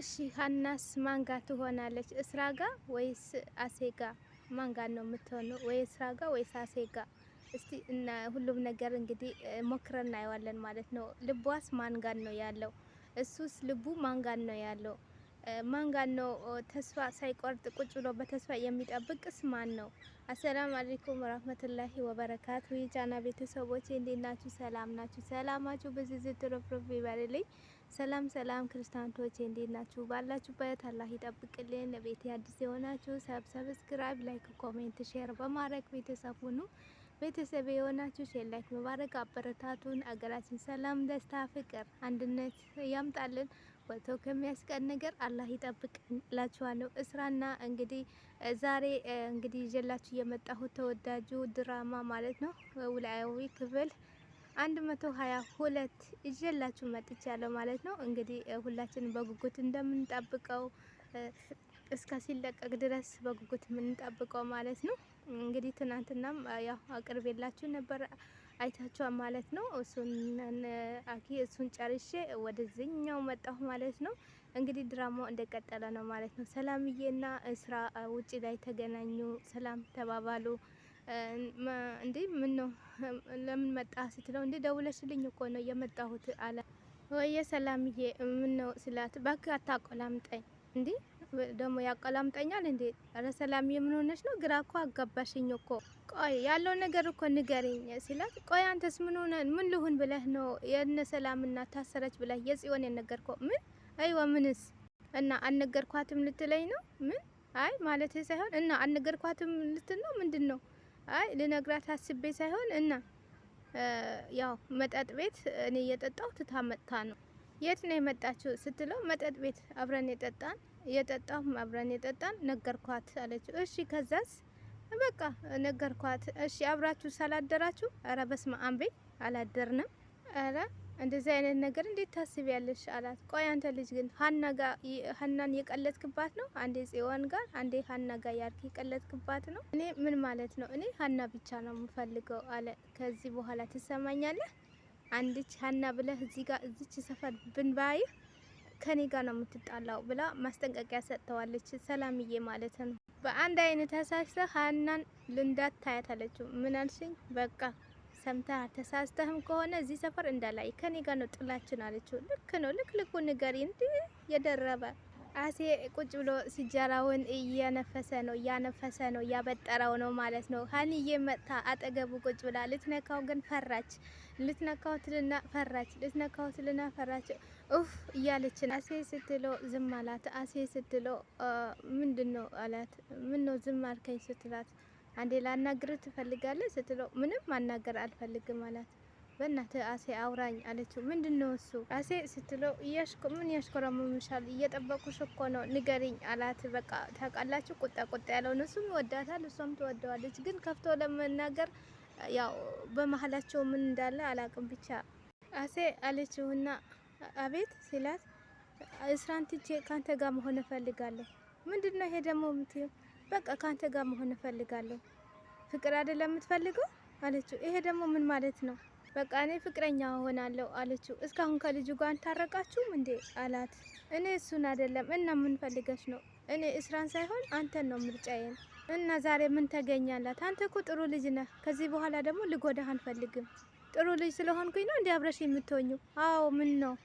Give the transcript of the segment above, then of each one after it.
እሺ ሀናስ ማንጋ ትሆናለች? እስራ ጋ ወይስ አሴ ጋ? ማንጋ ነው የምትሆነው? ወይ እስራ ጋ ወይስ አሴ ጋ? እስቲ እና ሁሉም ነገር እንግዲህ ሞክረን እናየዋለን ማለት ነው። ልቧስ ማን ነው ያለው? እሱስ ልቡ ማን ነው ያለው? ማን ነው ተስፋ ሳይቆርጥ ቁጭ ብሎ በተስፋ የሚጠብቅስ ማን ነው? አሰላም አለይኩም ወራህመቱላሂ ወበረካቱ። የቻና ቤተሰቦች እንዴት ናችሁ? ሰላም ናችሁ? ሰላማችሁ በዝዝት ረፍረፍ ይበልልኝ። ሰላም ሰላም ክርስቲያኖች እንዴት ናችሁ? ባላችሁበት አላህ ይጠብቅልን። ለቤት አዲስ የሆናችሁ ሰብስክራይብ፣ ላይክ፣ ኮሜንት፣ ሼር በማድረግ ቤተሰብ ሁኑ። ቤተሰብ የሆናችሁ ሼር፣ ላይክ በማድረግ አበረታቱን። አገራችን ሰላም፣ ደስታ፣ ፍቅር፣ አንድነት ያምጣልን። ወጥቶ ከሚያስቀን ነገር አላህ ይጠብቅላችኋለሁ። እስራና እንግዲህ ዛሬ እንግዲህ ይዤላችሁ የመጣሁት ተወዳጁ ድራማ ማለት ነው ኖላዊ ክፍል አንድ መቶ ሀያ ሁለት መጥቻ መጥቻለሁ ማለት ነው። እንግዲህ ሁላችንም በጉጉት እንደምንጠብቀው እስከ ሲለቀቅ ድረስ በጉጉት የምንጠብቀው ማለት ነው። እንግዲህ ትናንትናም ያው የላችሁ ነበር አይታችኋል ማለት ነው። እሱን አኪ እሱን ጨርሼ ወደዚህኛው መጣሁ ማለት ነው። እንግዲህ ድራማው እንደቀጠለ ነው ማለት ነው። ሰላምዬና እስራ ውጭ ላይ ተገናኙ፣ ሰላም ተባባሉ። እንዴ ምን ነው ለምን መጣ ስትለው እንዴ ደውለሽልኝ እኮ ነው የመጣሁት አለ። ወየ ሰላምዬ ምን ነው ስላት እባክህ አታቆላምጠኝ እንዴ ደግሞ ያቆላምጠኛል እንዴ? ኧረ ሰላምዬ ምን ሆነሽ ነው? ግራ እኮ አጋባሽኝ እኮ። ቆይ ያለው ነገር እኮ ንገሪኝ ሲላት፣ ቆይ አንተስ ምን ሆነ ምን ልሁን ብለህ ነው የነ ሰላም እናት ታሰረች ብለህ የጽዮን የነገርኮ? ምን አይዋ ምንስ እና አልነገርኳትም ልትለኝ ነው? ምን አይ ማለት ሳይሆን እና አልነገርኳትም ልትል ነው ምንድን ነው አይ ልነግራት አስቤ ሳይሆን እና ያው መጠጥ ቤት እኔ እየጠጣው ትታ መጥታ ነው። የት ነው የመጣችው ስትለው መጠጥ ቤት አብረን የጠጣን የጠጣሁም አብረን የጠጣን ነገርኳት አለችው። እሺ ከዛስ? በቃ ነገርኳት። እሺ አብራችሁ ሳላደራችሁ? አረ በስመ አብ አላደርንም። አረ እንደዚህ አይነት ነገር እንዴት ታስቢያለሽ አላት። ቆይ አንተ ልጅ ግን ሀና ጋ ሀናን የቀለጥክባት ነው? አንዴ ጽዮን ጋር አንዴ ሀና ጋ ያልክ የቀለጥክባት ነው? እኔ ምን ማለት ነው? እኔ ሀና ብቻ ነው የምፈልገው አለ። ከዚህ በኋላ ትሰማኛለህ? አንድች ሀና ብለህ እዚህ ጋር እዚች ሰፈር ብንባይ ከኔ ጋር ነው የምትጣላው ብላ ማስጠንቀቂያ ሰጥተዋለች። ሰላምዬ ማለት ነው። በአንድ አይነት ተሳስተ ሀናን ልንዳት ታያታለችው። ምን አልሽኝ? በቃ ሰምተህ ተሳስተህም ከሆነ እዚህ ሰፈር እንዳላይ ከኔ ጋር ነው ጥላችን አለችው። ልክ ነው ልክ ልኩ ንገሪ። እንዲ የደረበ አሴ ቁጭ ብሎ ሲጃራውን እየነፈሰ ነው እያነፈሰ ነው እያበጠረው ነው ማለት ነው። ሀኒዬ መጥታ አጠገቡ ቁጭ ብላ ልትነካው ግን ፈራች። ልትነካው ትልና ፈራች። ልትነካው ትልና ፈራች። ኡፍ እያለችን አሴ ስትሎ ዝም አላት። አሴ ስትሎ ምንድን ነው አላት። ምን ነው ዝም አልከኝ ስትላት አንዴ ላናግርህ ትፈልጋለህ ስትለው ምንም ማናገር አልፈልግም አላት። በእናትህ አሴ አውራኝ አለችው። ምንድን ነው እሱ አሴ ስትለው ምን ያሽኮረምምሻል? እየጠበቁሽ እኮ ነው ንገሪኝ አላት። በቃ ታውቃላችሁ፣ ቁጣ ቁጣ ያለውን እሱም ይወዳታል፣ እሷም ትወደዋለች። ግን ከፍቶ ለመናገር ያው በመሀላቸው ምን እንዳለ አላቅም። ብቻ አሴ አለችውና አቤት ሲላት እስራንትቼ ካንተ ጋር መሆን እፈልጋለሁ። ምንድን ነው ይሄ ደግሞ ምትል በቃ ከአንተ ጋር መሆን እፈልጋለሁ። ፍቅር አይደለም የምትፈልገው አለችው። ይሄ ደግሞ ምን ማለት ነው? በቃ እኔ ፍቅረኛ ሆናለሁ አለችው። እስካሁን ከልጁ ጋር አንታረቃችሁ እንዴ አላት። እኔ እሱን አይደለም እና ምን ፈልገሽ ነው? እኔ እስራን ሳይሆን አንተን ነው ምርጫዬን። እና ዛሬ ምን ተገኛላት? አንተ እኮ ጥሩ ልጅ ነህ። ከዚህ በኋላ ደግሞ ልጎዳህ አንፈልግም። ጥሩ ልጅ ስለሆንኩኝ ነው እንዲ አብረሽ የምትሆኙ? አዎ ምን ነው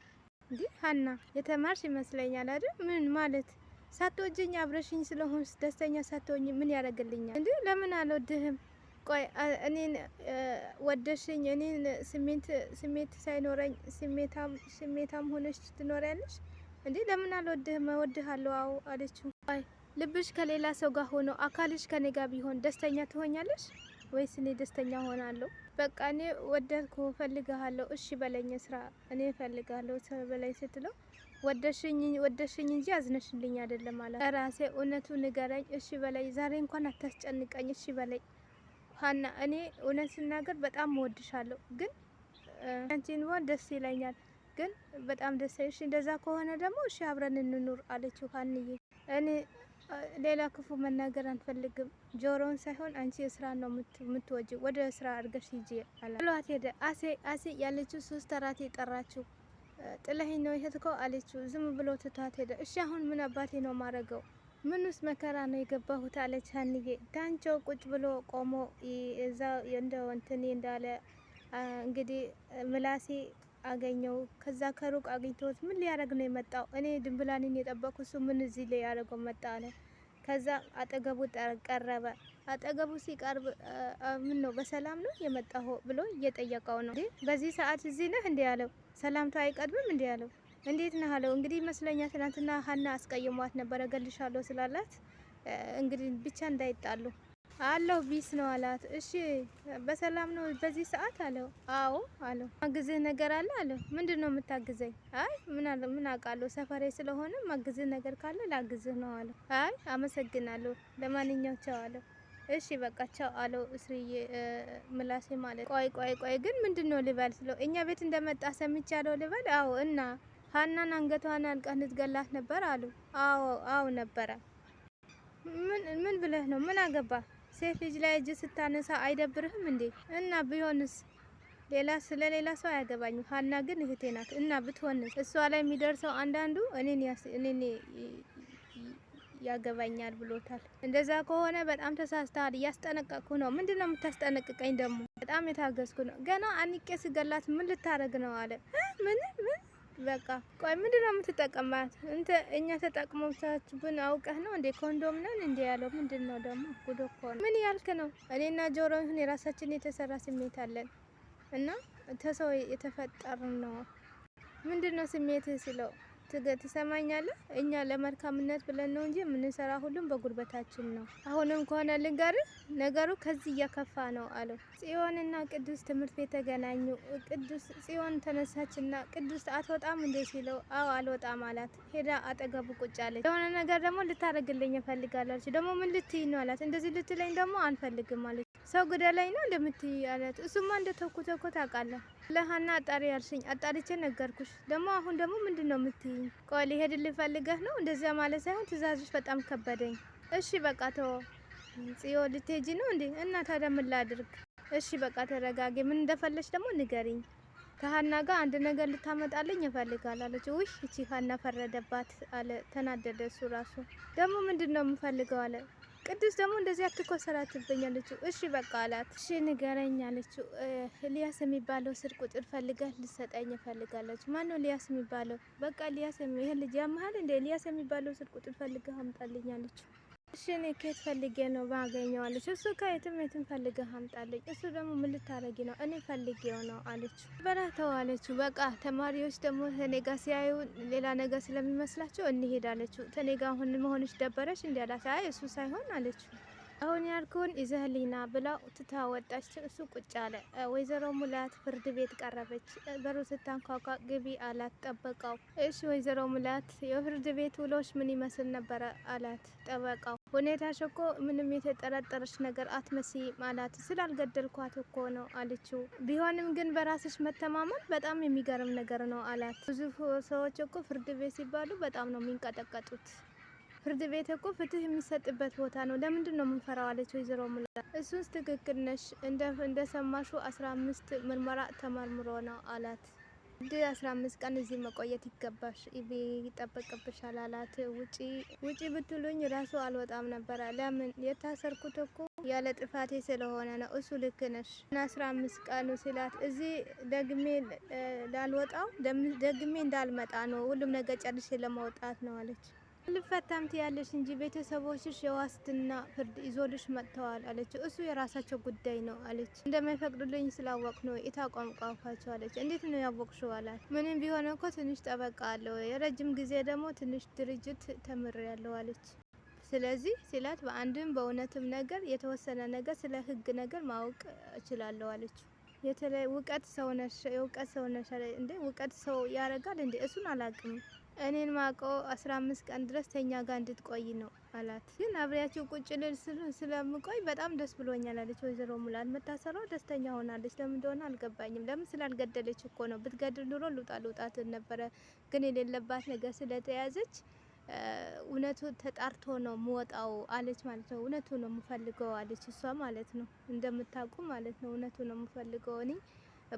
እንዲህ ሀና የተማርሽ ይመስለኛል አይደል? ምን ማለት ሳትወጂኝ አብረሽኝ ስለሆን ደስተኛ ሳትሆኝ ምን ያደርግልኛል? እንዲ ለምን አልወድህም? ቆይ እኔን ወደሽኝ እኔን ስሜት ስሜት ሳይኖረኝ ስሜታም ሆነች ሆነሽ ትኖሪያለሽ? ለምን አልወድህም? እወድሃለሁ አዎ አለችው። ቆይ ልብሽ ከሌላ ሰው ጋር ሆኖ አካልሽ ከኔ ጋር ቢሆን ደስተኛ ትሆኛለሽ ወይስ እኔ ደስተኛ ሆናለሁ? በቃ እኔ ወደድኩ፣ ፈልግሃለሁ፣ እሺ በለኝ፣ ስራ እኔ ፈልጋለሁ በላይ ስትለው ወደሽኝ እንጂ አዝነሽልኝ አይደለም አላት። ራሴ እውነቱ ንገረኝ እሺ በላይ ዛሬ እንኳን አታስጨንቀኝ እሺ በላይ ሀና እኔ እውነት ስናገር በጣም እወድሻለሁ፣ ግን አንቺን ደስ ይለኛል፣ ግን በጣም ደስ እሺ፣ እንደዛ ከሆነ ደግሞ እሺ አብረን እንኑር አለችው ሀንዬ። እኔ ሌላ ክፉ መናገር አንፈልግም፣ ጆሮን ሳይሆን አንቺ ስራ ነው የምትወጂው፣ ወደ ስራ አድርገሽ ሂጂ አላት። ሄደ። አሴ አሴ ያለችው ሶስት አራት የጠራችው ጥለኸኝ ነው የሄድከው አለችው። ዝም ብሎ ትቷት ሄደ። እሺ አሁን ምን አባቴ ነው ማረገው? ምን ውስጥ መከራ ነው የገባሁት? አለች ሀንዬ። ዳንቾ ቁጭ ብሎ ቆሞ እዛ እንደ እንትኔ እንዳለ እንግዲህ ምላሴ አገኘው። ከዛ ከሩቅ አግኝቶት ምን ሊያደርግ ነው የመጣው? እኔ ድንብላኔን የጠበቅኩ እሱ ምን እዚህ ላይ መጣ አለ። ከዛ አጠገቡ ቀረበ። አጠገቡ ሲቀርብ ምን ነው በሰላም ነው የመጣሁ ብሎ እየጠየቀው ነው። በዚህ ሰዓት እዚህ ነህ እንዲህ አለው። ሰላምታ አይቀድምም እንዲህ አለው። እንዴት ነህ አለው። እንግዲህ ይመስለኛ ትናንትና ሀና አስቀይሟት ነበረ ገልሻለሁ ስላላት እንግዲህ ብቻ እንዳይጣሉ አለሁ ቢስ ነው አላት። እሺ በሰላም ነው በዚህ ሰዓት አለው። አዎ አለው። ማግዝህ ነገር አለ አለው። ምንድን ነው የምታግዘኝ? አይ ምን አውቃለሁ፣ ሰፈሬ ስለሆነ ማግዝህ ነገር ካለ ላግዝህ ነው አለው። አይ አመሰግናለሁ፣ ለማንኛው ቻው አለው። እሺ በቃ ቻው አለው። እስርዬ ምላሴ ማለት ቆይ ቆይ ቆይ ግን ምንድን ነው ልበል ስለው እኛ ቤት እንደመጣ ሰምቻለሁ ልበል? አዎ እና ሀናን አንገቷን አልቀህ ልትገላት ነበር አሉ። አዎ አዎ ነበረ። ምን ምን ብለህ ነው? ምን አገባ ሴት ልጅ ላይ እጅ ስታነሳ አይደብርህም እንዴ? እና ቢሆንስ ሌላ ስለ ሌላ ሰው አያገባኝም። ሀና ግን እህቴ ናት እና ብትሆንስ እሷ ላይ የሚደርሰው አንዳንዱ እኔን ያገባኛል ብሎታል። እንደዛ ከሆነ በጣም ተሳስተሃል። እያስጠነቀቅኩ ነው። ምንድን ነው የምታስጠነቅቀኝ ደግሞ? በጣም የታገዝኩ ነው። ገና አንቄ ስገላት ምን ልታደረግ ነው አለ ምን ምን በቃ ቆይ፣ ምንድን ነው የምትጠቀማት? እንተ እኛ ተጠቅሞቻችሁብን አውቀህ ነው እንዴ? ኮንዶም ነን እንዴ ያለው ምንድን ነው ደግሞ? ጉዶ እኮ ነው። ምን ያልክ ነው? እኔና ጆሮ ይሁን የራሳችን የተሰራ ስሜት አለን እና ተሰው የተፈጠር ነው። ምንድን ነው ስሜት ስለው ትሰማኛለህ? እኛ ለመልካምነት ብለን ነው እንጂ የምንሰራ ሁሉም በጉልበታችን ነው። አሁንም ከሆነ ልንገርህ ነገሩ ከዚህ እያከፋ ነው አለው። ጽዮንና ቅዱስ ትምህርት ቤት ተገናኙ። ቅዱስ ጽዮን ተነሳችና ቅዱስ አትወጣም እንዴ ሲለው አዎ አልወጣም አላት። ሄዳ አጠገቡ ቁጭ አለች። የሆነ ነገር ደግሞ ልታደርግልኝ እፈልጋለሁ አለች። ደግሞ ምን ልትይ ነው አላት። እንደዚህ ልትለኝ ደግሞ አንፈልግም አለች። ሰው ግደለኝ ነው እንደምትይ አላት። እሱማ እንደ ተኩ ተኮ ታውቃለህ ለሀና አጣሪ ያልሽኝ አጣሪቼ ነገርኩሽ። ደግሞ አሁን ደግሞ ምንድን ነው የምትይኝ? ቆይ ሊሄድልኝ ልፈልገህ ነው? እንደዚያ ማለት ሳይሆን ትእዛዝሽ በጣም ከበደኝ። እሺ በቃ ተወ። ጽዮ ልትሄጂ ነው እንዴ? እና ታዲያ ምን ላድርግ? እሺ በቃ ተረጋጊ። ምን እንደፈለሽ ደግሞ ንገሪኝ። ከሀና ጋር አንድ ነገር ልታመጣልኝ እፈልጋለሁ አለች። ውሽ እቺ ሀና ፈረደባት አለ። ተናደደ እሱ ራሱ። ደግሞ ምንድን ነው የምፈልገው አለ ቅዱስ ደግሞ እንደዚህ አትኮሰላ ትበኛለችው። እሺ በቃ አላት። እሺ ንገረኝ አለችው። ሊያስ የሚባለው ስልክ ቁጥር ፈልጋት ልሰጠኝ እፈልጋለች። ማን ነው ሊያስ የሚባለው? በቃ ሊያስ ይሄ ልጅ ያመሃል እንዴ? ሊያስ የሚባለው ስልክ ቁጥር ፈልገህ አምጣልኝ አለችው። እሺ እኔ ከየት ፈልጌ ነው ባገኘዋለች። እሱ ከየትም የትም ፈልገ አምጣለኝ። እሱ ደግሞ ምን ልታረጊ ነው? እኔ ፈልጌው ነው አለች። በላተው አለችው። በቃ ተማሪዎች ደግሞ ተኔጋ ሲያዩ ሌላ ነገር ስለሚመስላቸው እንሄድ አለችው። ተኔጋ አሁን መሆንሽ ደበረች እንዲ አላት። አይ እሱ ሳይሆን አለች። አሁን ያልኩን ይዘህልኝና ብላው ትታ ወጣች። እሱ ቁጭ አለ። ወይዘሮ ሙላት ፍርድ ቤት ቀረበች። በሩ ስታንኳኳ ግቢ አላት ጠበቃው። እሺ ወይዘሮ ሙላት የፍርድ ቤት ውሎች ምን ይመስል ነበረ አላት ጠበቃው። ሁኔታሽ እኮ ምንም የተጠረጠረች ነገር አትመስይም አላት። ስላልገደልኳት እኮ ነው አለችው። ቢሆንም ግን በራስሽ መተማመን በጣም የሚገርም ነገር ነው አላት። ብዙ ሰዎች እኮ ፍርድ ቤት ሲባሉ በጣም ነው የሚንቀጠቀጡት። ፍርድ ቤት እኮ ፍትህ የሚሰጥበት ቦታ ነው። ለምንድን ነው የምንፈራው? አለች ወይዘሮ ሙላ። እሱስ ትክክል ነሽ። እንደ ሰማሹ አስራ አምስት ምርመራ ተመርምሮ ነው አላት። አንድ አስራ አምስት ቀን እዚህ መቆየት ይገባሽ ይጠበቅብሻል አላት። ውጪ ውጪ ብትሉኝ ራሱ አልወጣም ነበረ። ለምን የታሰርኩት እኮ ያለ ጥፋቴ ስለሆነ ነው። እሱ ልክ ነሽ። አስራ አምስት ቀኑ ስላት እዚህ ደግሜ ላልወጣው ደግሜ እንዳልመጣ ነው። ሁሉም ነገር ጨርሼ ለማውጣት ነው አለች። ልፈታምት ያለሽ እንጂ ቤተሰቦችሽ የዋስትና ፍርድ ይዞልሽ መጥተዋል አለች። እሱ የራሳቸው ጉዳይ ነው አለች። እንደማይፈቅዱልኝ ስላወቅ ነው የታቋም ቋፋቸው አለች። እንዴት ነው ያወቅሽው አላት። ምንም ቢሆን እኮ ትንሽ ጠበቃ አለው የረጅም ጊዜ ደግሞ ትንሽ ድርጅት ተምር ያለው አለች። ስለዚህ ሲላት በአንድም በእውነትም ነገር የተወሰነ ነገር ስለ ህግ ነገር ማወቅ እችላለሁ አለች። የተለይ ውቀት ሰውነሽ የውቀት ሰውነሽ እንዴ ውቀት ሰው ያረጋል እንዴ? እሱን አላቅም እኔን ማቆ አስራ አምስት ቀን ድረስ ተኛ ጋር እንድትቆይ ነው አላት። ግን አብሬያቸው ቁጭ ልል ስለምቆይ በጣም ደስ ብሎኛል አለች ወይዘሮ ሙላት። መታሰሯ ደስተኛ ሆናለች። ለምን እንደሆነ አልገባኝም። ለምን ስላልገደለች እኮ ነው። ብትገድል ኑሮ ልውጣ ልውጣት ነበረ። ግን የሌለባት ነገር ስለተያዘች እውነቱ ተጣርቶ ነው ምወጣው አለች ማለት ነው። እውነቱ ነው የምፈልገው አለች እሷ ማለት ነው። እንደምታውቁ ማለት ነው። እውነቱ ነው የምፈልገው እኔ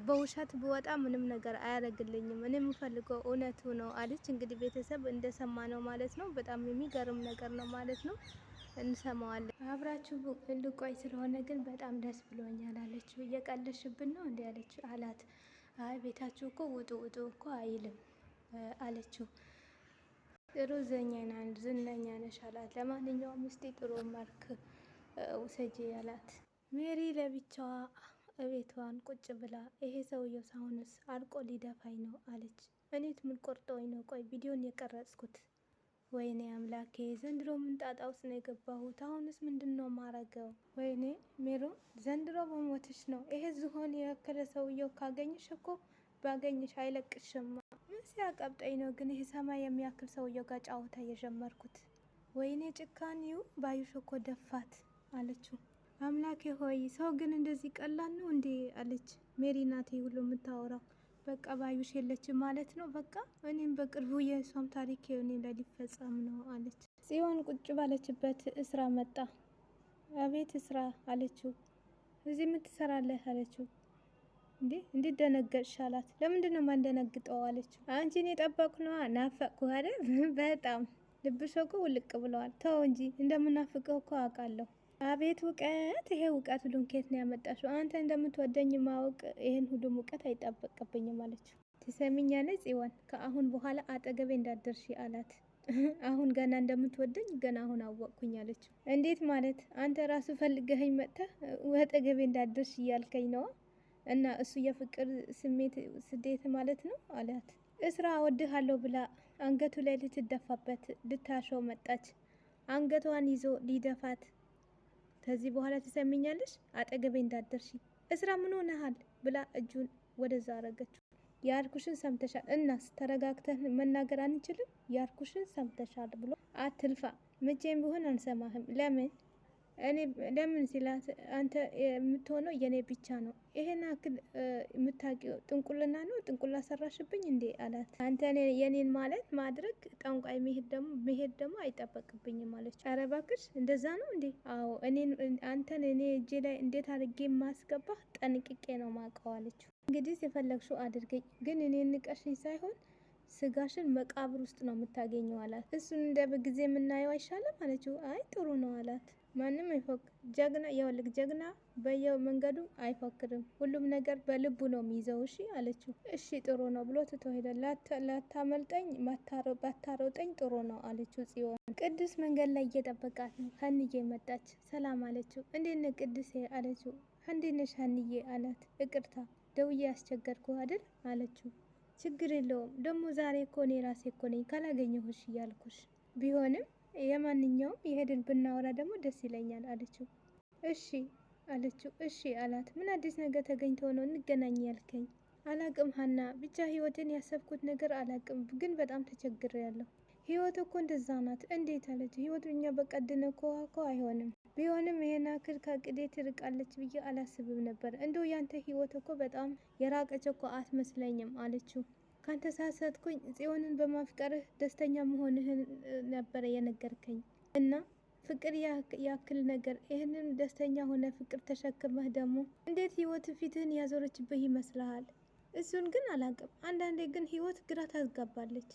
በውሸት ብወጣ ምንም ነገር አያደርግልኝም። እኔ የምፈልገው እውነቱ ነው አለች። እንግዲህ ቤተሰብ እንደሰማ ነው ማለት ነው። በጣም የሚገርም ነገር ነው ማለት ነው። እንሰማዋለን። አብራችሁ ልቆይ ስለሆነ ግን በጣም ደስ ብሎኛል አለችው። እየቀለሽብን ነው እንዲ አለች አላት። አይ ቤታችሁ እኮ ውጡ ውጡ እኮ አይልም አለችው። ጥሩ ዘኛና ዝነኛ ነሽ አላት። ለማንኛውም ውስጤ ጥሩ ማርክ ውሰጂ አላት። ሜሪ ለብቻዋ እቤቷን ቁጭ ብላ ይሄ ሰውየው ሳሁንስ አልቆ ሊደፋኝ ነው አለች። እኔት ምን ቆርጦኝ ነው? ቆይ ቪዲዮን የቀረጽኩት። ወይኔ አምላኬ ዘንድሮ ምን ጣጣ ውስጥ ነው የገባሁት? አሁንስ ምንድን ነው ማረገው? ወይኔ ሜሮ ዘንድሮ በሞትሽ ነው። ይሄ ዝሆን የወከለ ሰውየው ካገኝሽ እኮ ባገኝሽ አይለቅሽም። ምን ሲያቀብጠኝ ነው ግን ይሄ ሰማይ የሚያክል ሰውየው ጋር ጫወታ የጀመርኩት? ወይኔ ጭካኔው ባዩሽ እኮ ደፋት አለችው። አምላኬ ሆይ ሰው ግን እንደዚህ ቀላል ነው እንዴ? አለች ሜሪ ናት ሁሉ የምታወራው። በቃ ባዩሽ የለች ማለት ነው። በቃ እኔም በቅርቡ የእሷም ታሪክ እኔ ላይ ሊፈጸም ነው አለች። ጽዮን ቁጭ ባለችበት እስራ መጣ። አቤት እስራ አለችው። እዚህ የምትሰራለህ አለችው። እንዴ እንዴት ደነገጥሽ አላት። ለምንድን ነው ማንደነግጠው አለችው። አንቺን የጠበቅኩ ነዋ። ናፈቅኩ አይደል? በጣም ልብሽ እኮ ውልቅ ብለዋል። ተው እንጂ እንደምናፍቀው እኮ አውቃለሁ አቤት እውቀት! ይሄ እውቀት ሁሉም ከየት ነው ያመጣሽው? አንተ እንደምትወደኝ ማወቅ ይህን ሁሉም እውቀት አይጠበቅብኝም አለችው። ትሰሚኛለች ጽዮን፣ ከአሁን በኋላ አጠገቤ እንዳደርሽ አላት። አሁን ገና እንደምትወደኝ ገና አሁን አወቅኩኝ አለችው። እንዴት ማለት? አንተ ራሱ ፈልገኸኝ መጥተህ አጠገቤ እንዳደርሽ እያልከኝ ነዋ። እና እሱ የፍቅር ስሜት ስዴት ማለት ነው አላት። እስራ እወድሃለሁ ብላ አንገቱ ላይ ልትደፋበት ልታሸው መጣች። አንገቷን ይዞ ሊደፋት ከዚህ በኋላ ትሰሚኛለሽ፣ አጠገቤ እንዳደርሽ እስራ ምን ሆነሃል ብላ እጁን ወደዛ አረገችው። ያልኩሽን ሰምተሻል። እናስ ተረጋግተን መናገር አንችልም? ያልኩሽን ሰምተሻል ብሎ አትልፋ፣ መቼም ቢሆን አንሰማህም። ለምን እኔ ለምን ሲላት አንተ የምትሆነው የእኔ ብቻ ነው። ይሄን አክል የምታውቂው ጥንቁልና ነው፣ ጥንቁላ ሰራሽብኝ እንዴ አላት። አንተ የኔን ማለት ማድረግ ጠንቋይ መሄድ ደግሞ መሄድ ደግሞ አይጠበቅብኝም አለች። ኧረ እባክሽ እንደዛ ነው እንዴ? አዎ እኔን አንተን እኔ እጄ ላይ እንዴት አድርጌ የማስገባ ጠንቅቄ ነው ማውቀው አለችው። እንግዲህ የፈለግሽው አድርገኝ፣ ግን እኔ ንቀሽኝ ሳይሆን ስጋሽን መቃብር ውስጥ ነው የምታገኘው አላት። እሱን እንደ ጊዜ የምናየው አይሻልም አለችው። አይ ጥሩ ነው አላት። ማንም አይፎክ ጀግና የወልቅ ጀግና መንገዱ አይፎክርም። ሁሉም ነገር በልቡ ነው የሚይዘው። እሺ አለችው። እሺ ጥሩ ነው ብሎ ትቶ ሄደ። ላታመልጠኝ ባታሮጠኝ ጥሩ ነው አለችው ጽዮን። ቅዱስ መንገድ ላይ እየጠበቃት ነው። ሀንዬ መጣች። ሰላም አለችው። እንዴት ነህ ቅዱሴ አለችው። እንዴት ነሽ ሀንዬ አላት። እቅርታ ደውዬ ያስቸገርኩ አይደል አለችው። ችግር የለውም ደግሞ ዛሬ እኮ እኔ ራሴ እኮ ነኝ ካላገኘሁሽ እያልኩሽ ቢሆንም የማንኛውም የሄድን ብናወራ ደግሞ ደስ ይለኛል አለችው። እሺ አለችው። እሺ አላት። ምን አዲስ ነገር ተገኝቶ ነው እንገናኝ ያልከኝ? አላቅም ሀና፣ ብቻ ህይወትን ያሰብኩት ነገር አላቅም፣ ግን በጣም ተቸግሬ ያለሁ። ህይወት እኮ እንደዛ ናት። እንዴት አለችው። ህይወት እኛ በቀድነ ከውሃ እኮ አይሆንም ቢሆንም ይሄን አክል ከቅዴ ትርቃለች ብዬ አላስብም ነበር። እንደው ያንተ ህይወት እኮ በጣም የራቀች እኮ አትመስለኝም አለችው። ካልተሳሳትኩኝ ጽዮንን በማፍቀርህ ደስተኛ መሆንህን ነበረ የነገርከኝ እና ፍቅር ያክል ነገር ይህንን ደስተኛ ሆነ ፍቅር ተሸክመህ ደግሞ እንዴት ህይወት ፊትህን ያዞረችብህ ይመስልሃል? እሱን ግን አላቅም። አንዳንዴ ግን ህይወት ግራ ታጋባለች።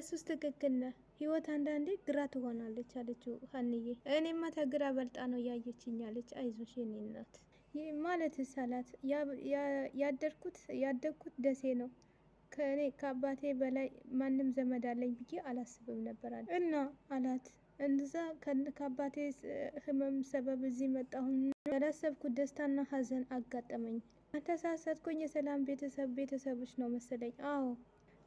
እሱስ ትክክል ነህ። ህይወት አንዳንዴ ግራ ትሆናለች አለችው ሀንዬ። እኔማ ተግራ በልጣ ነው ያየችኝ አለች። አይዞሽ የኔ እናት ማለት ሳላት ያደርኩት ያደግኩት ደሴ ነው ከእኔ ከአባቴ በላይ ማንም ዘመድ አለኝ ብዬ አላስብም ነበር አለ እና አላት እንዛ ከአባቴ ህመም ሰበብ እዚህ መጣሁን ያላሰብኩት ደስታና ሀዘን አጋጠመኝ። አተሳሳትኩኝ። የሰላም ቤተሰብ ቤተሰቦች ነው መሰለኝ። አዎ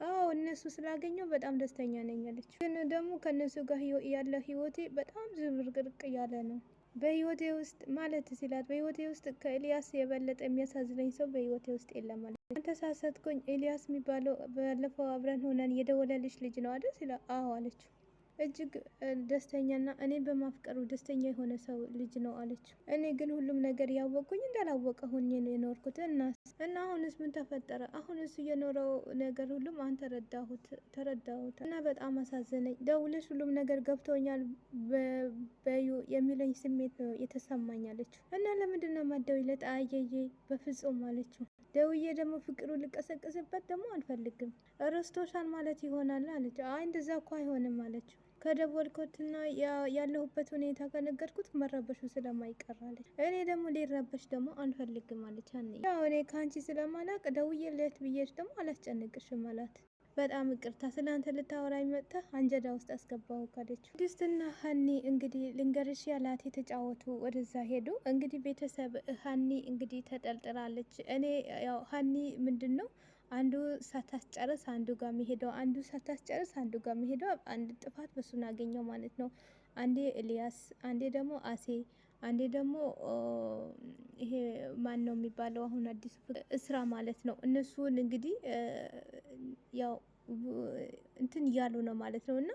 አዎ፣ እነሱ ስላገኘው በጣም ደስተኛ ነኝ አለች። ግን ደግሞ ከእነሱ ጋር ያለ ህይወቴ በጣም ዝብርቅርቅ ያለ ነው። በህይወቴ ውስጥ ማለት ሲላት፣ በህይወቴ ውስጥ ከኤልያስ የበለጠ የሚያሳዝነኝ ሰው በህይወቴ ውስጥ የለም አለች። ተሳሰትኩኝ። ኤልያስ የሚባለው ባለፈው አብረን ሆነን የደወለልሽ ልጅ ነው አይደል? ሲላ አዎ አለችው። እጅግ ደስተኛና እኔ በማፍቀሩ ደስተኛ የሆነ ሰው ልጅ ነው አለችው። እኔ ግን ሁሉም ነገር ያወቅኩኝ እንዳላወቀ ሆኜ ነው የኖርኩት እና እና አሁንስ ምን ተፈጠረ? አሁንስ የኖረው ነገር ሁሉም አንተ ተረዳሁት ተረዳሁት እና በጣም አሳዘነኝ። ደውለሽ ሁሉም ነገር ገብቶኛል በዩ የሚለኝ ስሜት ነው የተሰማኝ አለችው። እና ለምንድን ነው ማደው ይለጣ አየዬ በፍጹም አለችው። ደውዬ ደግሞ ፍቅሩ ልቀሰቅስበት ደግሞ አልፈልግም። ረስቶሻል ማለት ይሆናል አለችው። አይ እንደዛ እኮ አይሆንም አለችው። ከደወልኩትና ያለሁበት ሁኔታ ከነገርኩት መረበሹ ስለማይቀር አለች። እኔ ደግሞ ሊረበሽ ደግሞ አንፈልግም አለች። ያው እኔ ከአንቺ ስለማላቅ ደውዬ ለት ብዬሽ ደግሞ አላስጨንቅሽም አላት። በጣም እቅርታ ስለአንተ ልታወራኝ መጥታ አንጀዳ ውስጥ አስገባው ካለችው ትዕግስትና ሀኒ እንግዲህ ልንገርሽ ያላት የተጫወቱ ወደዛ ሄዱ። እንግዲህ ቤተሰብ ሀኒ እንግዲህ ተጠርጥራለች። እኔ ያው ሀኒ ምንድን ነው አንዱ ሳታስጨርስ አንዱ ጋር መሄደው አንዱ ሳታስጨርስ አንዱ ጋር መሄደው አንድ ጥፋት በሱን አገኘው ማለት ነው። አንዴ ኤልያስ አንዴ ደግሞ አሴ አንዴ ደግሞ ይሄ ማን ነው የሚባለው አሁን አዲስ እስራ ማለት ነው። እነሱን እንግዲህ ያው እንትን እያሉ ነው ማለት ነው። እና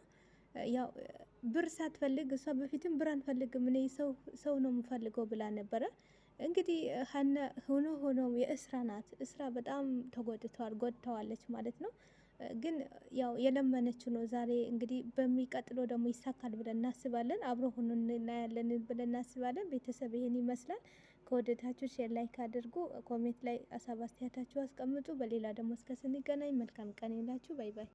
ያው ብር ሳትፈልግ እሷ በፊትም ብር አንፈልግም እኔ ሰው ነው የምፈልገው ብላ ነበረ። እንግዲህ ሆኖ ሆኖ የእስራ ናት። እስራ በጣም ተጎድተዋል ጎድተዋለች ማለት ነው። ግን ያው የለመነችው ነው። ዛሬ እንግዲህ በሚቀጥለው ደግሞ ይሳካል ብለን እናስባለን። አብሮ ሆኖ እናያለን ብለን እናስባለን። ቤተሰብ ይህን ይመስላል። ከወደዳችሁ ሼር ላይክ አድርጉ። ኮሜንት ላይ ሀሳብ አስተያየታችሁ አስቀምጡ። በሌላ ደግሞ እስከ ስንገናኝ መልካም ቀን ይላችሁ። ባይ ባይ።